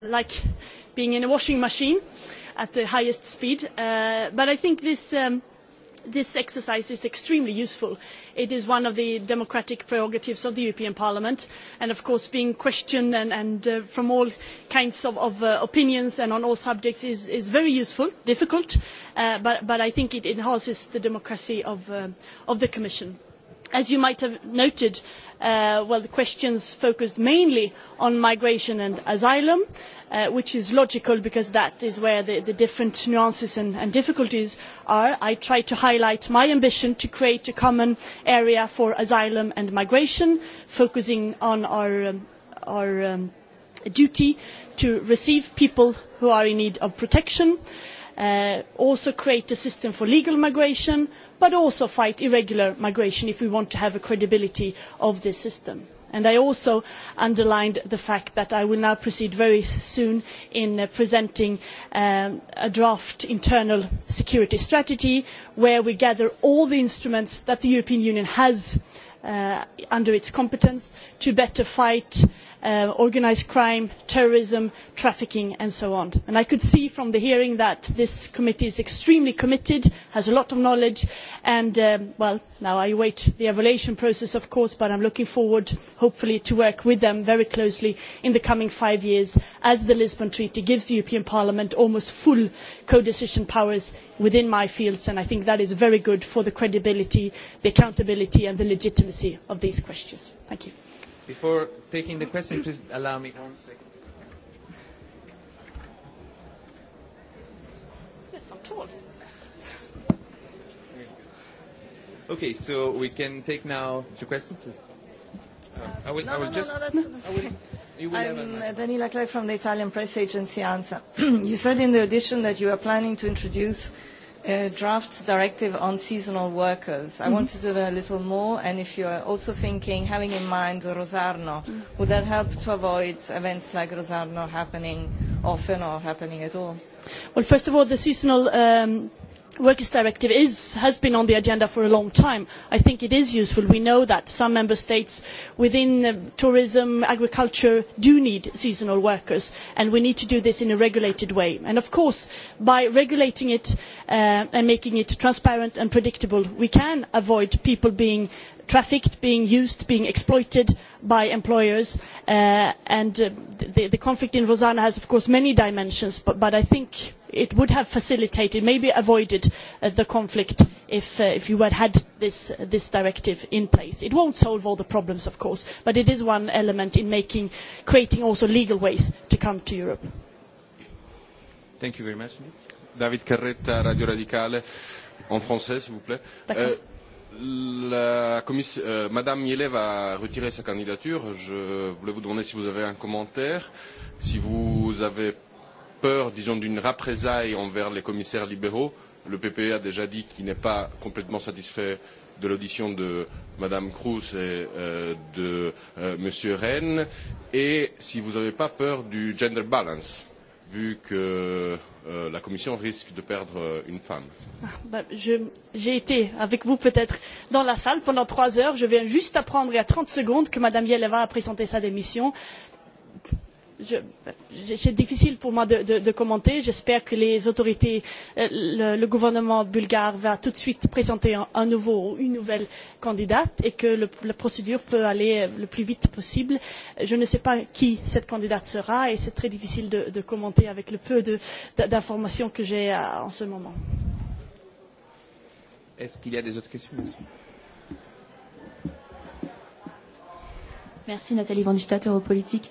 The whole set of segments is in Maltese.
like being in a washing machine at the highest speed. Uh, but I think this, um, this exercise is extremely useful. It is one of the democratic prerogatives of the European Parliament, and of course being questioned and, and uh, from all kinds of, of uh, opinions and on all subjects is, is very useful, difficult, uh, but, but I think it enhances the democracy of, uh, of the Commission. As you might have noted, uh, well, the questions focused mainly on migration and asylum, uh, which is logical because that is where the, the different nuances and, and difficulties are. I tried to highlight my ambition to create a common area for asylum and migration, focusing on our, um, our um, duty to receive people who are in need of protection. Uh, uh, also create a system for legal migration, but also fight irregular migration if we want to have a credibility of this system. And I also underlined the fact that I will now proceed very soon in uh, presenting um, a draft internal security strategy where we gather all the instruments that the European Union has uh, uh, under its competence to better fight uh, organised crime, terrorism, trafficking and so on. And I could see from the hearing that this committee is extremely committed, has a lot of knowledge and, um, well, now I await the evaluation process of course, but I am looking forward hopefully to work with them very closely in the coming five years as the Lisbon Treaty gives the European Parliament almost full codecision powers within my fields, and I think that is very good for the credibility, the accountability, and the legitimacy of these questions. Thank you. Before taking the question, please allow me one second. Yes, I'm tall. Okay, so we can take now two questions, please. Uh, I will. No, I will no, just. No, no, that's, that's I will You will I'm Daniela Clerc from the Italian press agency ANSA. you said in the audition that you are planning to introduce a draft directive on seasonal workers. Mm -hmm. I mm-hmm. want to do a little more, and if you are also thinking, having in mind the Rosarno, mm -hmm. would that help to avoid events like Rosarno happening often or happening at all? Well, first of all, the seasonal um, Workers Directive is, has been on the agenda for a long time. I think it is useful. We know that some member states within uh, tourism, agriculture do need seasonal workers and we need to do this in a regulated way. And of course, by regulating it uh, and making it transparent and predictable, we can avoid people being trafficked, being used, being exploited by employers. Uh, and uh, the, the conflict in Rosanna has, of course, many dimensions, but, but I think it would have facilitated, maybe avoided uh, the conflict if, uh, if you had had this, uh, this directive in place. It won't solve all the problems, of course, but it is one element in making, creating also legal ways to come to Europe. Thank you very much. David Carretta, Radio Radicale, en français, s'il vous plaît. Euh, la euh, Madame sa candidature. Je voulais vous demander si vous avez un commentaire, si vous avez peur, disons, d'une représailles envers les commissaires libéraux. Le PPE a déjà dit qu'il n'est pas complètement satisfait de l'audition de Madame Cruz et euh, de euh, Monsieur Rennes. Et si vous n'avez pas peur du gender balance, vu que euh, la Commission risque de perdre euh, une femme. Ah, ben, J'ai été avec vous peut-être dans la salle pendant trois heures. Je viens juste apprendre il y a 30 secondes que Madame Yeleva a présenté sa démission c'est difficile pour moi de, de, de commenter. J'espère que les autorités, euh, le, le gouvernement bulgare va tout de suite présenter un, un nouveau ou une nouvelle candidate et que le, la procédure peut aller euh, le plus vite possible. Je ne sais pas qui cette candidate sera et c'est très difficile de, de commenter avec le peu d'informations que j'ai euh, en ce moment. Est-ce qu'il y a des autres questions Merci Nathalie Vandistat, Europolitique.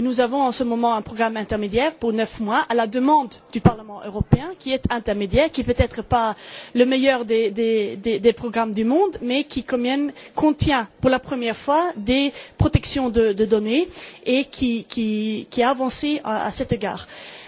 nous avons en ce moment un programme intermédiaire pour neuf mois à la demande du Parlement européen qui est intermédiaire, qui peut être pas le meilleur des, des, des, des programmes du monde, mais qui contient pour la première fois des protections de, de données et qui, qui, qui a avancé à, à cet égard. Euh,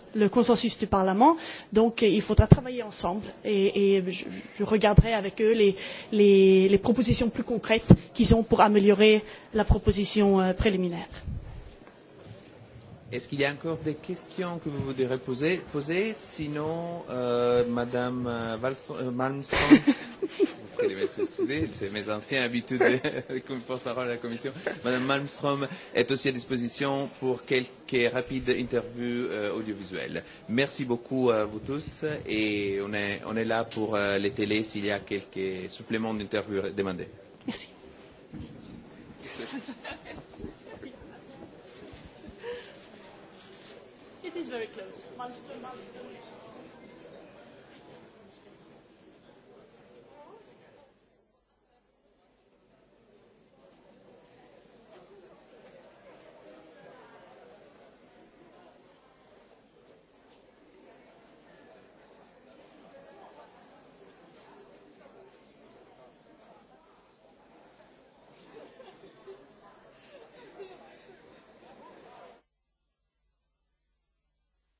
le consensus du Parlement. Donc euh, il faudra travailler ensemble et, et je, je regarderai avec eux les, les, les propositions plus concrètes qu'ils ont pour améliorer la proposition euh, préliminaire. Est-ce qu'il y a encore des questions que vous voudrez poser, poser Sinon, euh, Madame euh, euh, Malmström, excusez, c'est mes anciennes habitudes comme porte-parole de la Commission. Madame Malmström est aussi à disposition pour quelques rapides interviews euh, audiovisuelles. Merci beaucoup à vous tous et on est, on est là pour euh, les télés s'il y a quelques suppléments d'interviews demandés. Merci. very close. Months to months.